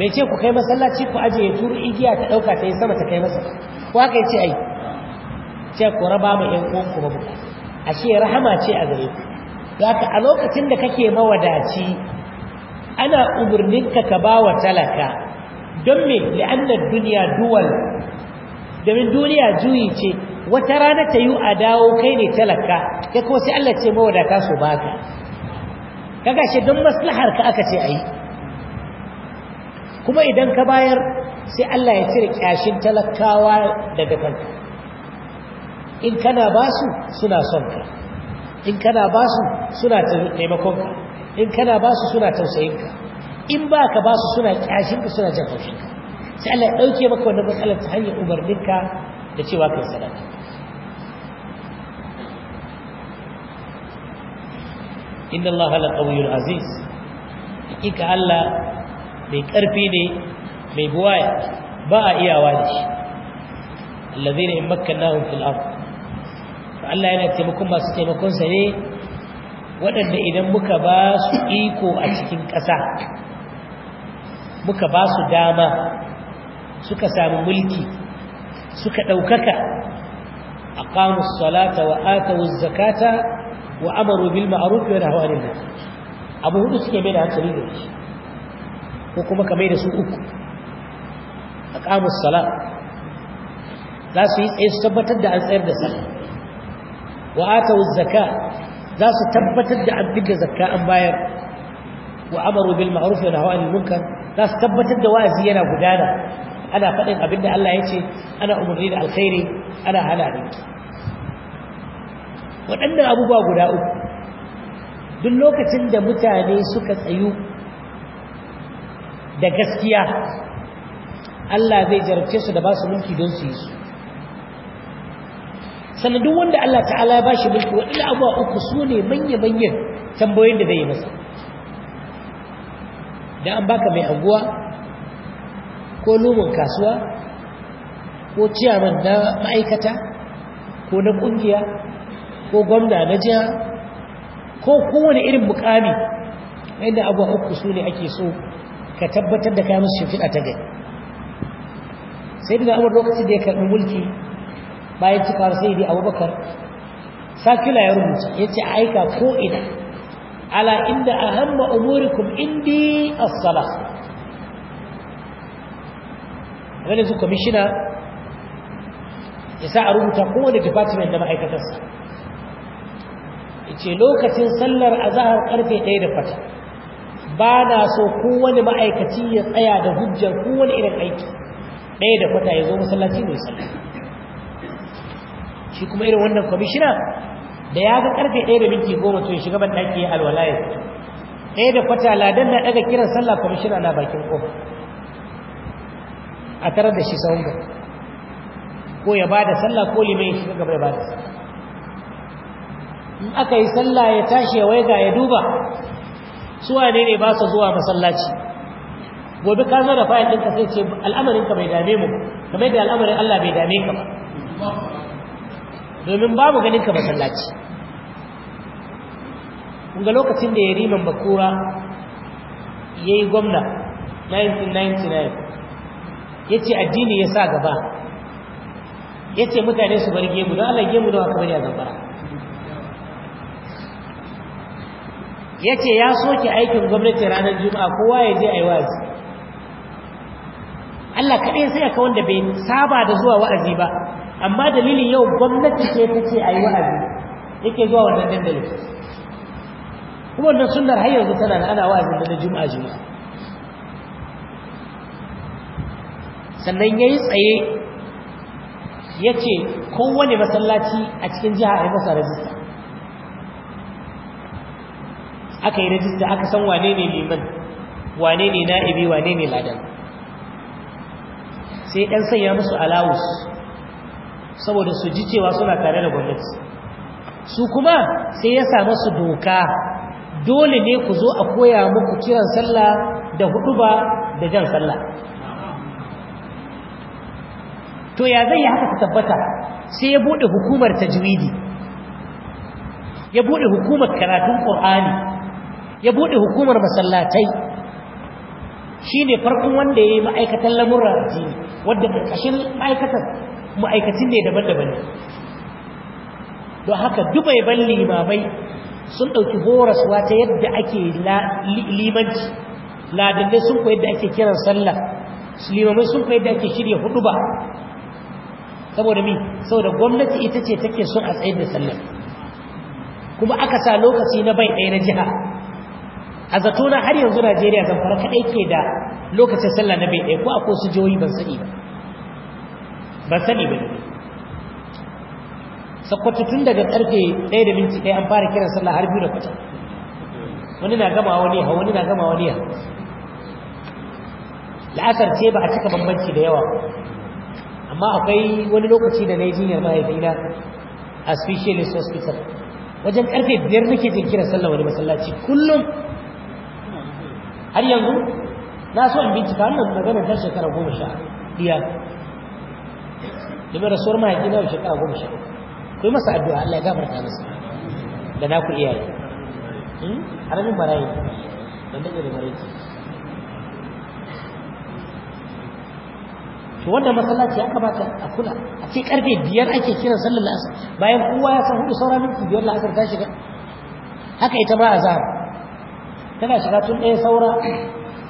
bai ce ku kai masallaci ku aje ya turu igiya ta dauka ta yi sama ta kai masa ko haka yace ai ce ku raba mu yan uwan ku babu ashe rahama ce a gare ku zaka a lokacin da kake mawadaci ana umarninka ka ba wa talaka don me la'annar duniya duwal domin duniya juyi ce wata rana ta yi a dawo kai ne talaka kai kuma sai Allah ce mawadata su baka kaga shi don maslahar ka aka ce a yi, kuma idan ka bayar sai Allah ya cire kyashin talakawa daga kanka in kana basu suna son ka in kana basu suna taimakon ka in kana ba su suna tausayinka in ba ka ba su suna kyashinka suna jan haushinka sai Allah ya ɗauke maka wannan matsalar ta hanyar umarninka da cewa kai sadaka inna Allah la qawiyyul aziz hakika Allah mai karfi ne mai buwaya ba a iyawa da shi allazina in makkannahum fil ard Allah yana taimakon masu taimakon sa ne waɗanda idan muka ba su iko a cikin ƙasa muka ba su dama suka samu mulki suka ɗaukaka a ƙamus salata wa atawus zakata wa amaru bil ma'aruf wa nahaw anil munkar abu hudu suke mai da hankali da shi ko kuma ka mai da su uku a ƙamus salat za su yi tsaye su tabbatar da an tsayar da sallah wa atawus zakata za su tabbatar da an diga zakka an bayar wa amaru bil ma'ruf wa nahaw anil munkar za su tabbatar da wa'azi yana gudana ana faɗin abin da Allah ya ce ana umarni da alkhairi ana hana waɗannan abubuwa guda uku duk lokacin da mutane suka tsayu da gaskiya Allah zai jarabce su da ba su mulki don su yi su sannan wanda Allah ta'ala ya bashi mulki waɗanda abuwa uku su ne manya-manyan tambayoyin da zai yi masa da an baka mai anguwa ko lumin kasuwa ko ciyaman na ma'aikata ko na ƙungiya ko gwamna na jiha ko kowane irin mukami inda abuwa uku su ake so ka tabbatar da kayan musu shimfiɗa ta gani sai da amur lokacin da ya karɓi mulki bayan cikawar sai dai abubakar sakila ya rubuta ya ce aika ko ina ala inda a hamma umurikum indi as-sala wani su kwamishina ya sa a rubuta kowane department da ma'aikatarsa ya ce lokacin sallar a azahar karfe ɗaya da fata ba na so kowane ma'aikaci ya tsaya da hujjar kowane irin aiki ɗaya da fata ya zo masallaci mai sallah shi kuma irin wannan kwamishina da ya ga karfe 1 da minti goma to ya shiga ban daki ya alwala ɗaya da kwata ladan na ɗaga kiran sallah kwamishina na bakin ƙofa a tarar da shi sahun gaba ko ya ba da sallah ko limai ya shiga gaba ya ba da in aka yi sallah ya tashi ya waiga ya duba suwa ne ne ba su zuwa masallaci gobe ka zo da fayil ɗinka sai ce al'amarinka bai dame mu kamar da al'amarin Allah bai dame ka ba domin babu ganin ka masallaci ga lokacin da ya riman bakura ya yi gwamna 1999 ya ce addini ya sa gaba ya ce mutane su bar gemu don allah gemu don aka bari a zambara ya ce ya soke aikin gwamnati ranar juma'a kowa ya je a yi wazi allah kaɗai sai aka wanda bai saba da zuwa wa'azi ba amma dalilin yau gwamnati ce ta ce a yi wa'azi yake zuwa wannan dandali kuma wannan sunnar har yanzu tana da ana wa'azi da juma'a juma'a sannan ya yi tsaye ya ce kowane masallaci a cikin jiha a yi masa rajista aka yi rajista aka san wane ne liman wane ne na'ibi wane ne ladan sai ɗan sanya musu alawus saboda su ji cewa suna tare da gwamnati su kuma sai ya samu su doka dole ne ku zo a koya muku kiran sallah da ba da jan sallah to ya zai yi haka ta tabbata sai ya bude hukumar tajwidi ya bude hukumar karatun qur'ani ya bude hukumar masallatai shi farkon wanda ya ma'aikatan lamurra addini wadda ƙarƙashin ma'aikatan? ma'aikacin ne daban-daban ne don haka dubai ban limamai sun ɗauki horaswa ta yadda ake limanci Ladannai sun koyar da ake kiran sallah limamai sun koyar da ake shirya hudu ba saboda mi saboda gwamnati ita ce take sun a tsayar da sallah kuma aka sa lokaci na bai ɗaya na jiha a zato na har yanzu najeriya zamfara kaɗai ke da lokacin sallah na bai ɗaya ko akwai su jihohi ban sani ba ba sani ba sakwata tun daga karfe 1 da minti 1 an fara kiran sallah har biyu da kwata wani na gama wani ha wani na gama wani ha la'asar ce ba a cika bambanci da yawa amma akwai wani lokaci da na yi jinyar mahaifina a specialist hospital wajen karfe biyar nake jin kiran sallah wani masallaci kullum har yanzu na so in bincika wannan maganar ta shekara goma sha biyar domin rasuwar mahaifi na shekara goma sha uku masa addu'a Allah ya gafarta masa da naku iyaye hmm? haramin marayi ban daɗe da marayi to wanda masallaci ya kamata a kula a ce karfe biyar ake kiran sallar la'asar bayan kowa ya san hudu saura minti biyar la'asar ta shiga haka ita ma azhar tana shiga tun ɗaya saura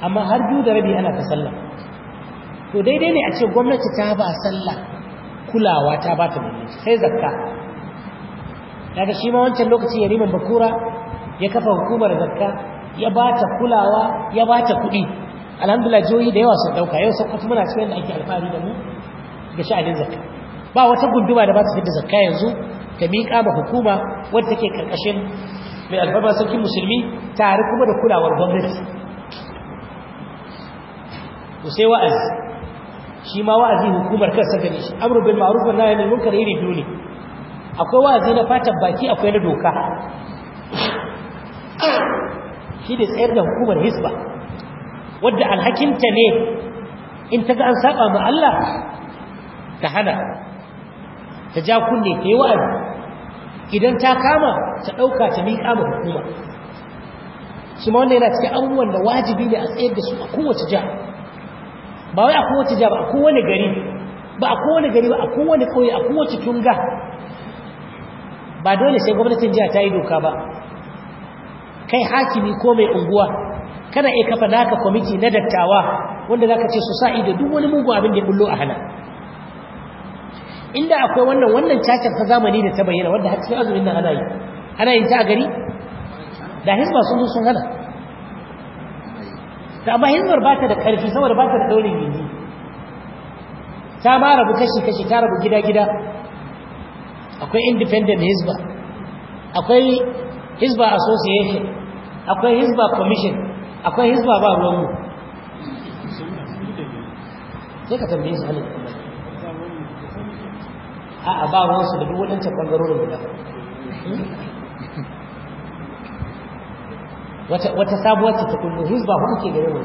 amma har biyu da rabi ana ta sallar to daidai ne a ce gwamnati ta ba sallah kulawa ta ba ta gwamnati sai zakka daga shi ma wancan lokaci yariman riman bakura ya kafa hukumar zakka ya ba ta kulawa ya ba ta kuɗi alhamdulillah jihohi da yawa sun ɗauka yau sun sokoto na cikin da ake alfahari da mu ga sha'anin zakka ba wata gunduma da ba ta fita zakka yanzu ta miƙa ma hukuma wadda take karkashin mai alfarma sarkin musulmi tare kuma da kulawar gwamnati ku wa'azi shi ma wa'azi hukumar kansa gare shi amru bil ma'ruf wa nahy anil munkar iri biyu akwai wa'azi na fata baki akwai na doka shi da tsayar da hukumar hisba wadda alhakinta ne in ta ga an saba ma Allah ta hana ta ja kunne ta yi wa'azi idan ta kama ta ɗauka ta miƙa ma hukuma su ma wannan yana cikin abubuwan da wajibi ne a tsayar da su a kowace jiha ba wai a kowace jiha ba a kowane gari ba a kowane gari ba a kowane kawai a kowace tunga ba dole sai gwamnatin jiha ta yi doka ba kai hakimi ko mai unguwa kana iya kafa naka kwamiti na dattawa wanda za ka ce su sa'i da duk wani mugu abin da ya bullo a hana inda akwai wannan wannan cacar ta zamani da ta bayyana wanda har cikin azumin nan ana yi ana yin ta a gari da hisba sun zo sun hana ta amma hizmar ba ta da ƙarfi saboda ba ta da ɗaurin gini ta ma rabu kashi-kashi ta rabu gida-gida akwai independent hizba akwai hizba association akwai hizba commission akwai hizba ba ruwanmu sai ka tambaye su kuma a'a ba ruwansu da duk waɗancan ɓangarorin guda hmm? wata sabuwar ce ta kullu hizba hudu ke gare mu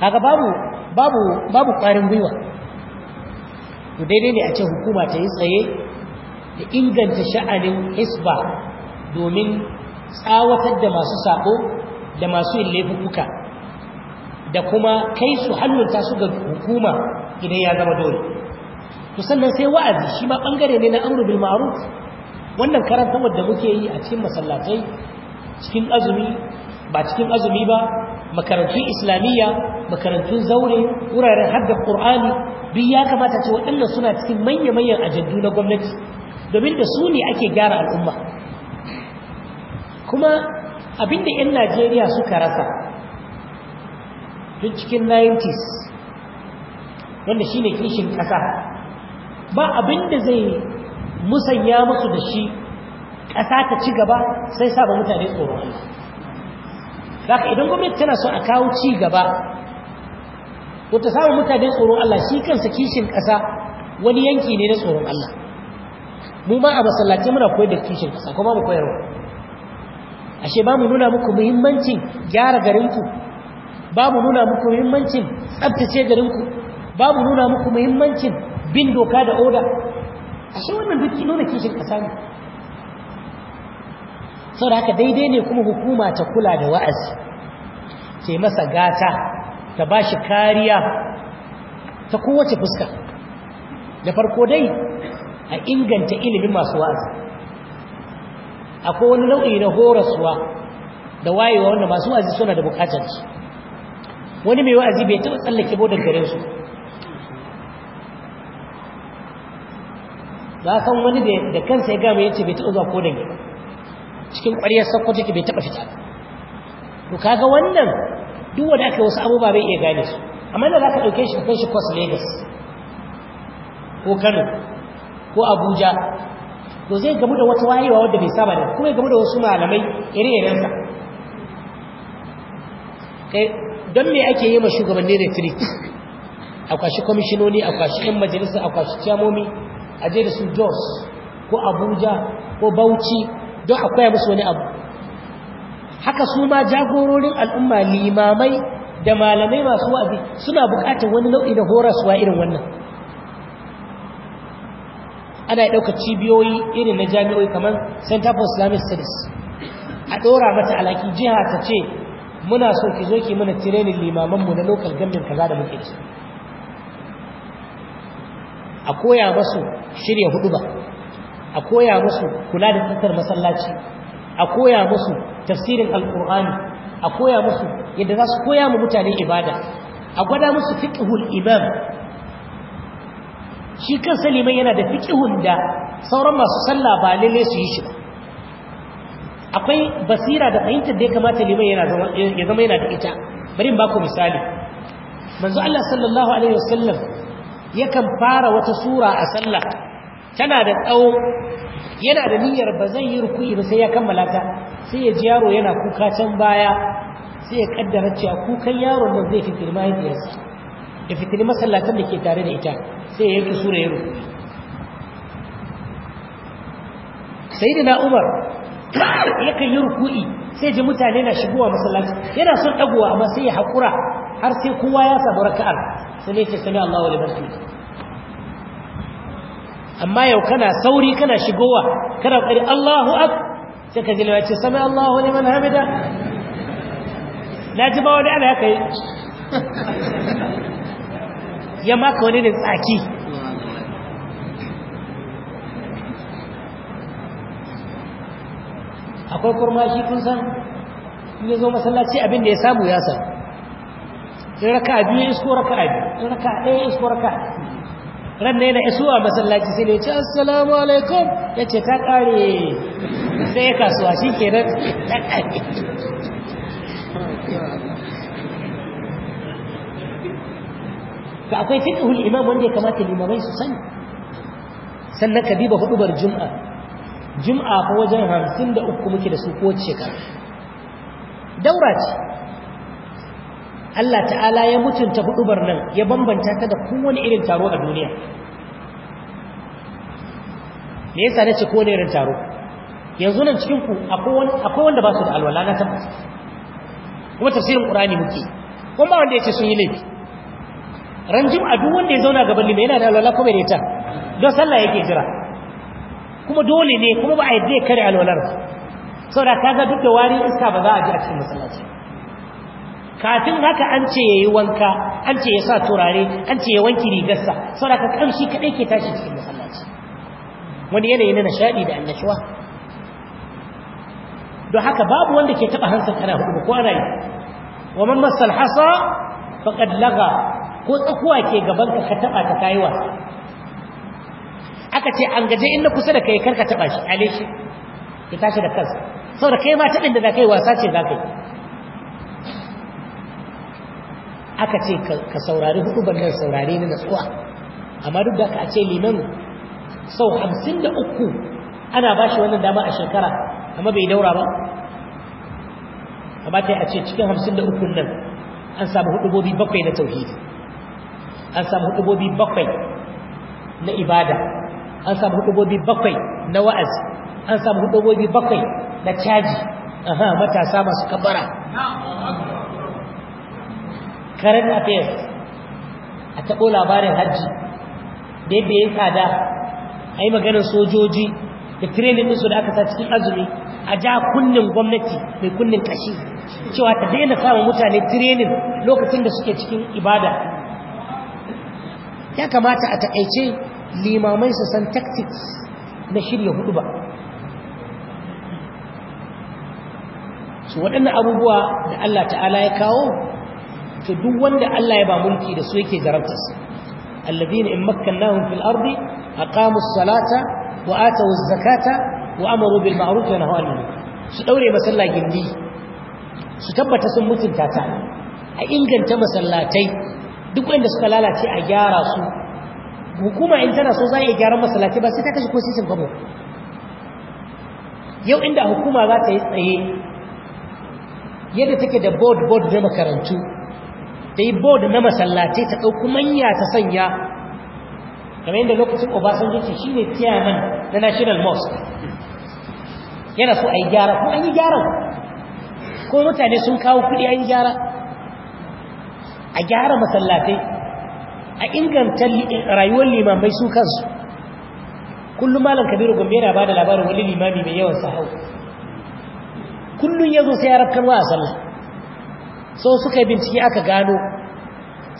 kaga babu babu babu ƙarin gwiwa to daidai ne a ce hukuma ta yi tsaye da inganta sha'anin hisba domin tsawatar da masu sako da masu yin laifuka da kuma kai su hannunta su ga hukuma idan ya zama dole to sannan sai wa'azi shi ma bangare ne na amru bil ma'ruf wannan karantarwar da muke yi a cikin masallatai cikin azumi ba cikin azumi ba makarantun islamiyya makarantun zaure wuraren hadda ƙur'ani duk ya kamata ce waɗannan suna cikin manya-manyan ajandu na gwamnati domin da su ne ake gyara al'umma kuma abinda 'yan najeriya suka rasa tun cikin 90s wanda shine kishin ƙasa ba abinda zai musanya musu da shi ƙasa ta ci gaba sai saba mutane tsoron Allah zaka idan gwamnati tana so a kawo ci gaba ko ta samu mutane tsoron Allah shi kansa kishin ƙasa wani yanki ne na tsoron Allah mu ma a masallaci muna koyar da kishin ƙasa kuma mu koyarwa ashe ba mu nuna muku muhimmancin gyara garinku ba mu nuna muku muhimmancin tsabtace garinku ba mu nuna muku muhimmancin bin doka da oda ashe wannan duk nuna kishin ƙasa ne da haka daidai ne kuma hukuma ta kula da wa'azi ta masa gata ta ba shi kariya ta kowace fuska da farko dai a inganta ilimin masu wa'azi akwai wani nau'i na horaswa da wayewa wanda masu wa'azi suna da bukatar su. wani mai wa'azi bai taɓa tsallake bodar gare su ba san wani da kansa ya gama yace bai taɓa zuwa kodan gare cikin ƙwariyar sakko take bai taɓa fita to kaga wannan duk wanda aka wasu abubuwa bai iya gane su amma da za ka ɗauke shi ka kai shi kwas lagos ko kano ko abuja to zai gamu da wata wayewa wadda bai saba da kuma ya gamu da wasu malamai ire-irensa kai don me ake yi ma shugabanni retreat a kwashi kwamishinoni a kwashi 'yan majalisa a kwashi ciyamomi a je da su jos ko abuja ko bauchi don a musu wani abu haka su ma jagororin al'umma limamai da malamai masu wa'azi suna buƙatar wani nau'i na horaswa irin wannan ana ɗaukar cibiyoyi irin na jami'oi kamar center for islamic studies a ɗora mata alaki jiha ta ce muna so ki zo ki mana tirenin limamanmu na local gambin kaza da muke ci a koya masu shirya hudu ba a koya musu kula da tsakar masallaci a koya musu tafsirin alkur'ani a koya musu yadda za su koya mu mutane ibada a gwada musu fiqhul imam shi kan saliman yana da fiqhun da sauran masu sallah ba lalle su yi shi ba akwai basira da fahimtar da ya kamata liman ya zama yana da ita bari in baku misali manzo Allah sallallahu alaihi wasallam yakan fara wata sura a sallah tana da tsawo yana da niyyar ba zai yi rukuni ba sai ya kammala ta sai ya ji yaro yana kuka can baya sai ya kaddara cewa kukan yaron nan zai fitiri mahaifiyarsa ya fitiri masallatan da ke tare da ita sai ya yanke sura ya rukuni sai da umar yakan yi rukuni sai ji mutane na shigowa masallaci yana son ɗagowa amma sai ya haƙura har sai kowa ya samu raka'ar sai ne ce sami allahu liman amma yau kana sauri kana shigowa kana kari Allahu ak sai ka jilewa ce sami Allahu ne liman hamida na ji ba wani ana haka yi ya maka wani ne tsaki akwai shi kun san in ya zo masallaci abinda ya samu ya san in raka biyu isko raka biyu in raka ɗaya isko raka ran ne na isuwa masallaci sai ne ce assalamu alaikum ya ce ta kare sai ya kasuwa shi ke nan ta akwai fiƙi akwai imam wanda ya kamata limamai su sani sannan ka diba hudubar jum'a jum'a fa wajen hamsin da uku muke da su ko shekara daura ce Allah ta'ala ya mutunta hudubar nan ya bambanta ta da kowane irin taro a duniya me yasa nace ne irin taro yanzu nan cikin ku akwai wanda ba su da alwala na tabbata kuma tafsirin qur'ani muke kuma wanda yace sun yi laifi ranjim a duk wanda ya zauna gaban lima yana da alwala ko bai da ita don sallah yake jira kuma dole ne kuma ba a yadda ya kare alwalar saboda kaga duk da wari iska ba za a ji a cikin masallaci kafin haka an ce yayi wanka an ce ya sa turare an ce ya wanki rigarsa saboda kamshi kaɗai ke tashi cikin masallaci wani yanayi na nishadi da annashuwa don haka babu wanda ke taba hansa kana hudu ko ana yi wa man masal hasa faqad laga ko tsakuwa ke gaban ka ka taba ta kai wasa aka ce an gaje inda kusa da kai karka taba shi alishi shi ya tashi da kansa saboda kai ma tabin da za kai wasa ce za yi. aka ce ka saurari hudu nan saurari na natsuwa amma duk da aka ce liman sau hamsin da uku ana ba shi wannan dama a shekara amma bai daura ba Amma yi a ce cikin hamsin da uku nan an samu hudubobi bakwai na tauhidi an samu hudubobi bakwai na ibada an samu hudubobi bakwai na wa'azi an samu hudubobi bakwai na caji aha matasa masu kabara Karen affairs a taɓo labarin hajji da yadda ya tsada a yi maganin sojoji da training ɗinsu da aka sa cikin azumi a ja kunnen gwamnati mai kunnen kashi cewa ta daina samun mutane training lokacin da suke cikin ibada ya kamata a taƙaice limamai su san tactics na shirya hudu ba su waɗannan abubuwa da Allah ta'ala ya kawo to duk wanda Allah ya ba mulki da su yake zarabta su alladhina in makkannahum fil ardi aqamu as-salata wa atu az-zakata wa amaru bil ma'ruf wa nahaw anil su daure masalla gindi su tabbata sun mutunta ta a inganta masallatai duk wanda suka lalace a gyara su hukuma in tana so za a gyara masallatai ba sai ta kashe ko sisin gabo yau inda hukuma za ta yi tsaye yadda take da board board na makarantu ta yi bod na masallatai ta ɗauku manya ta sanya kamar yadda lokacin obasanjo ce shi ne chairman na national mosque yana so a yi gyara ko an yi gyara ko mutane sun kawo kuɗi an yi gyara a gyara masallatai a inganta rayuwar limamai su kansu kullum malam kabiru gombe yana ba da labarin wani limami mai yawan sahau kullum ya zo sai ya wa a sallah so suka yi bincike aka gano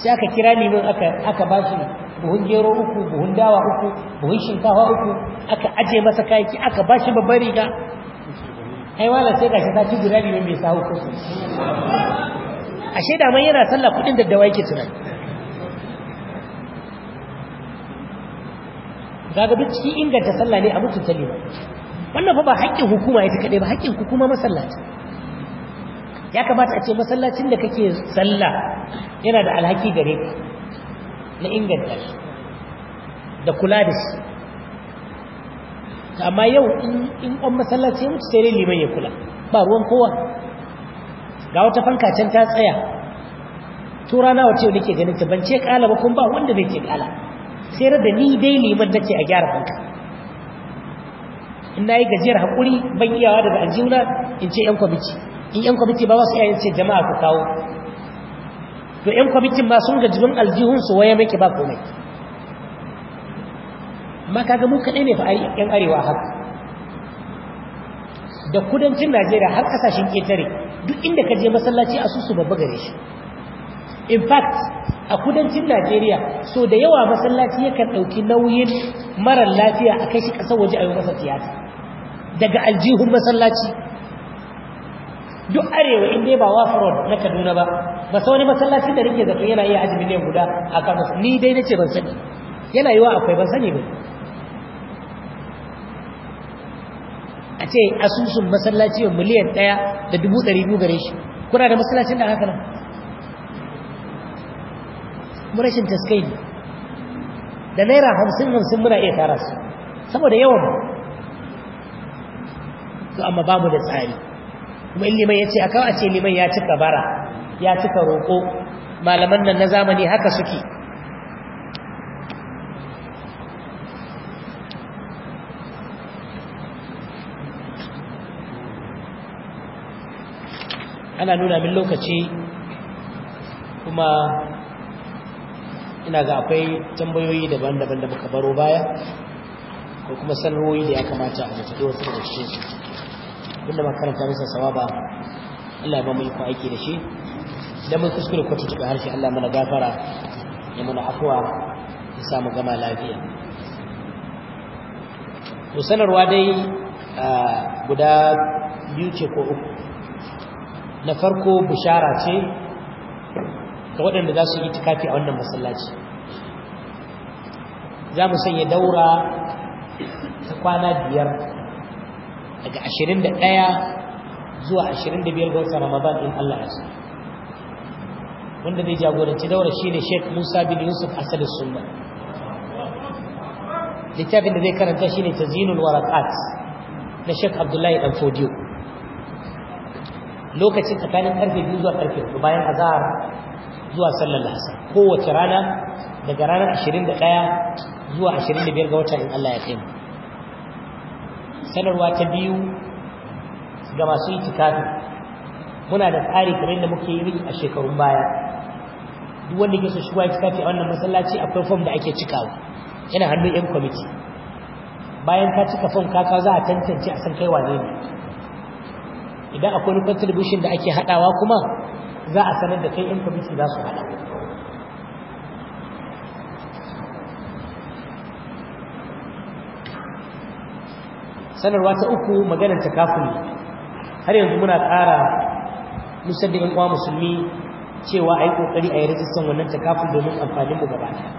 sai aka kira neman aka ba shi buhun gero uku buhun dawa uku buhun shinkafa uku aka aje masa kayaki aka ba shi babbar riga ai wala sai gashi ta ci guda ne mai sahu ko a shaida man yana sallah kudin da dawa yake tunan. daga duk cikin inganta sallah ne a mutunta limin wannan fa ba haƙƙin hukuma ya ta kaɗai ba haƙƙin hukuma masallaci ya kamata a ce masallacin da kake sallah yana da alhaki gare ka na inganta shi da kula da shi amma yau in ƙwan masallaci mutu sai dai liman ya kula ba ruwan kowa ga wata fanka can ta tsaya tura na wace wani ke ganin ta ban ce kala ba kuma ba wanda zai ce kala sai da ni dai liman ce a gyara fanka in na yi gajiyar haƙuri ban iyawa daga aljihuna in ce 'yan kwamiti in yan kwamiti ba wasu yayin ce jama'a ku kawo to yan kwamitin ma sun gajibin aljihunsu waye ke ba komai amma kaga mu kaɗai ne fa yan arewa haka da kudancin najeriya har ƙasashen ƙetare duk inda ka je masallaci a susu babba gare shi in fact a kudancin najeriya so da yawa masallaci yakan ɗauki nauyin marar lafiya a kai shi kasar waje a yi masa tiyata daga aljihun masallaci duk arewa in dai ba wasu road na kaduna ba ba sa wani masallaci da rike zato yana iya ajimi miliyan guda a kamus ni dai na ce ban sani yana yiwa akwai ban sani ba a ce asusun masallaci miliyan ɗaya da dubu ɗari biyu gare shi kuna da masallacin da haka nan Murashin rashin taskai ne da naira hamsin hamsin muna iya tara su saboda yawan to amma babu da tsari kuma in liman ya ce a kawo a ce liman ya cika bara ya cika roƙo malaman nan na zamani haka suke ana nuna min lokaci kuma ina ga akwai tambayoyi daban-daban da muka baro baya ko kuma sanarwoyi da ya kamata a mutu wasu da shi abinda makaranta bisa sawaba Allah ya ba mu iko aiki da shi idan mun kuskure ko tuka harshe Allah mana gafara ya mana afwa ya samu gama lafiya to sanarwa dai guda biyu ce ko uku na farko bishara ce ga waɗanda za su yi tikafi a wannan masallaci za mu sanya daura ta kwana biyar daga 21 zuwa 25 ga watan Ramadan in Allah ya so wanda zai jagoranci daura shine Sheikh Musa bin Yusuf Asad Sunna littafin da zai karanta shine Tazinul Waraqat na Sheikh Abdullahi Dan Fodiyo lokacin tsakanin karfe 2 zuwa karfe 4 bayan azhar zuwa sallar lahasar kowace rana daga ranar 21 zuwa 25 ga watan in Allah ya kai mu sanarwa ta biyu ga masu itikafi muna da tsari kamar da muke yi a shekarun baya duk wanda ke so shiga itikafi a wannan masallaci akwai fom da ake cikawa yana hannun yan kwamiti bayan ka cika fom kaka za a tantance a san kai wane ne idan akwai wani contribution da ake hadawa kuma za a sanar da kai yan kwamiti za su hada sanarwa ta uku maganar kafin har yanzu muna kara nusar da musulmi cewa a yi ƙoƙari a yi rajistan wannan takafun domin amfaninmu gaba ɗaya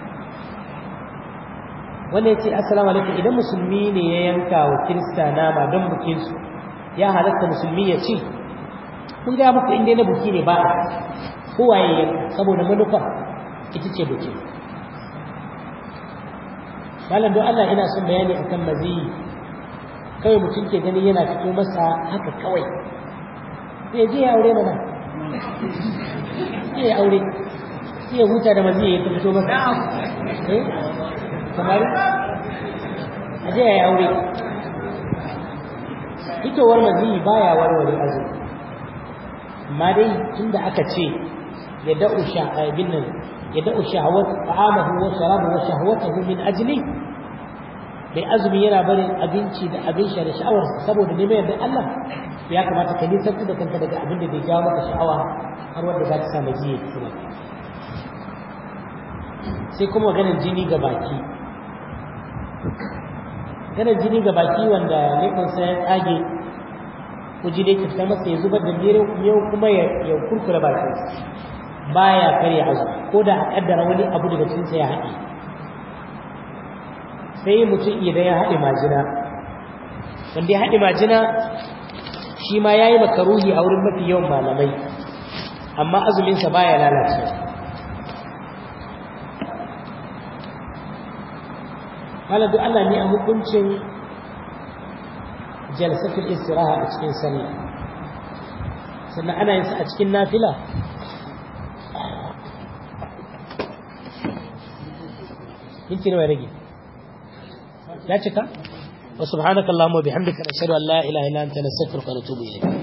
wanda ya ce assalamu alaikum idan musulmi ne ya yanka wa kirista nama don bukinsu ya halatta musulmi ya ci kun gaya muku inda na buki ne ba a kowa ya yanka saboda manufa ita ce buki malam don allah ina son bayani akan maziyi kai mutum ke gani yana fito masa haka kawai sai je ya aure mana sai ya aure sai ya huta da mazi ya fito masa eh kamar aje ya aure fitowar mazi ya warware azu amma dai tunda aka ce ya da'u sha'abin nan ya da'u shahawat ta'amahu wa sharabahu wa shahawatahu min ajli mai azumi yana barin abinci da abin shari'a da sha'awarsa saboda neman yadda Allah ya kamata ka nisanci da kanka daga abin da bai jawo maka sha'awa har wanda za ta sa maji ya sai kuma ganin jini ga baki ganin jini ga baki wanda sa ya tsage kuji dai ka fita masa ya zubar da yau kuma ya kurkura ba baya karya azumi ko da a kaddara wani abu daga cikinsa ya haɗe sai mutum idan ya haɗe majina wanda ya haɗe majina shi ma ya yi makaruhi a wurin mafi yawan malamai amma azuminsa ba ya lalace haladu ana ne a hukuncin jalsafin istiraha a cikin sani sannan ana yin a cikin nafila minti nawa rage ya cika wa subhanakallahumma bihamdika nashhadu an la ilaha illa anta nastaghfiruka wa natubu ilayk